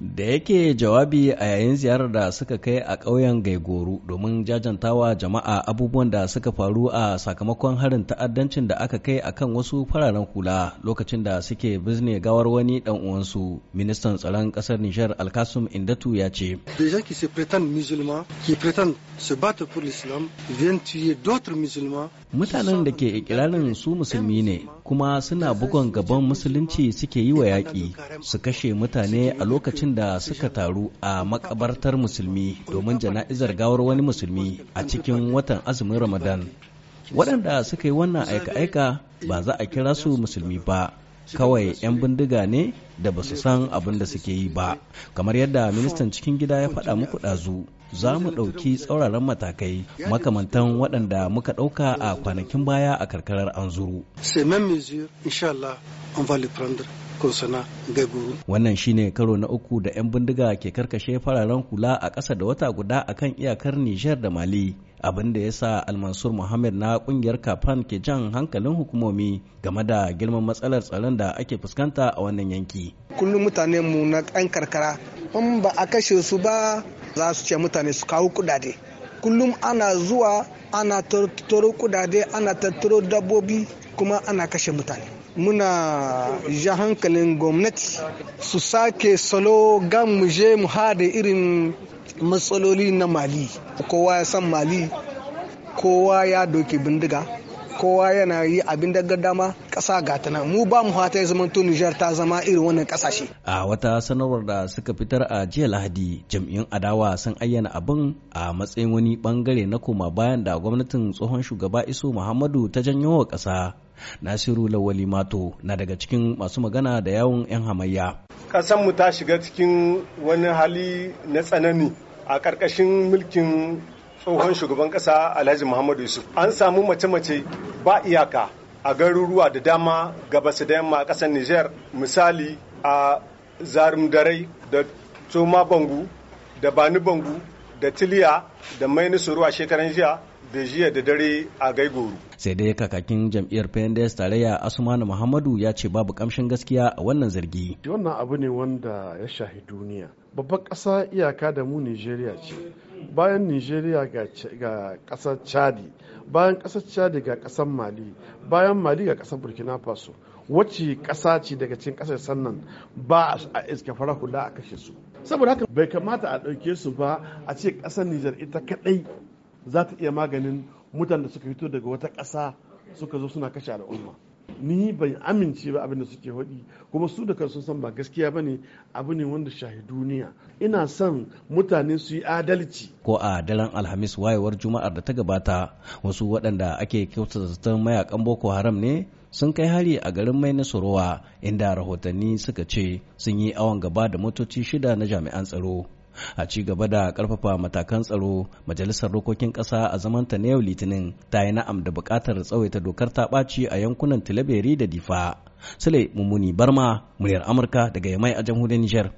da yake jawabi a yayin ziyarar da suka kai a ƙauyen gaigoro domin jajantawa jama'a abubuwan da suka faru a sakamakon harin ta'addancin da aka kai a kan wasu fararen hula lokacin da suke bizne gawar wani dan uwansu ministan tsaron ƙasar nijar alkasum indatu ya ce musulma ki se mutanen da ke ikirarin su musulmi ne kuma suna bugon gaban musulunci suke yi wa yaƙi su kashe mutane a lokacin da suka taru a makabartar musulmi domin jana'izar gawar wani musulmi a cikin watan azumin ramadan waɗanda suka yi wannan aika-aika ba za a kira su musulmi ba kawai 'yan bindiga ne da ba su san abin da suke yi ba kamar yadda ministan cikin gida ya faɗa muku ɗazu za mu ɗauki tsauraran matakai makamantan waɗanda muka ɗauka a kwanakin baya a karkarar anzuru. Wannan shine karo na uku da 'yan bindiga ke karkashe fararen kula a ƙasa da wata guda a kan iyakar Nijar da Mali. abin da ya sa almansur muhammad na kungiyar kafan ke jan hankalin hukumomi game da girman matsalar tsaron da ake fuskanta a wannan yanki kullum mutane mu na ƙan karkara ba a kashe su ba za su ce mutane su kawo kudade kullum ana zuwa ana tattaro kudade ana tattaro dabbobi kuma ana kashe mutane muna ja hankalin gwamnati su sake salo gan muje je mu hada irin matsaloli na mali kowa ya san mali kowa ya doke bindiga kowa yana yi abin da dama ƙasa gata nan mu ba mu fata ya zama to Nijar ta zama irin wannan kasashe. A wata sanarwar da suka fitar a jiya Lahadi jam'iyyun adawa sun ayyana abin a matsayin wani bangare na koma bayan da gwamnatin tsohon shugaba iso Muhammadu ta janyo wa ƙasa. Nasiru Lawali Mato na daga cikin masu magana da yawun 'yan hamayya. mu ta shiga cikin wani hali na tsanani a ƙarƙashin mulkin tsohon shugaban ƙasa Alhaji Muhammadu Yusuf. An samu mace-mace ba iyaka a garuruwa da dama gabas da yamma a ƙasar Nijar misali a Zarum da Toma Bangu da Bani Bangu da Tiliya da Maini suruwa shekaran jiya da jiya da dare a Gaigoro. Sai dai kakakin jam'iyyar PNDS tarayya Asmanu Muhammadu ya ce babu kamshin gaskiya a wannan zargi. Wannan abu ne wanda ya shahi duniya. Babban ƙasa iyaka da mu Nijeriya ce. bayan nigeria ga kasar chadi bayan kasar chadi ga kasar mali bayan mali ga kasar burkina faso wacce kasa ce daga cikin kasar sannan ba a iska fara hula a kashe su saboda haka bai kamata a ɗauke su ba a ce kasar nijar ita kadai za ta iya maganin mutanen da suka fito daga wata ƙasa suka zo suna kashe al'umma ni bai amince ba abin da suke hodi kuma su da kansu san ba gaskiya bane abu ne wanda shahi duniya ina son mutane su yi adalci ko a daren alhamis wayewar juma'ar da ta gabata wasu waɗanda ake kyautata zaton mayakan boko haram ne sun kai hari a garin mai na inda rahotanni suka ce sun yi awon gaba da motoci shida na jami'an tsaro a ci gaba da karfafa matakan tsaro majalisar dokokin kasa a zamanta na yau litinin ta yi na'am da bukatar tsawaita dokar ta ɓaci a yankunan tilaberi da difa sule mummuni barma muryar amurka daga yamai a jamhuriyar nijar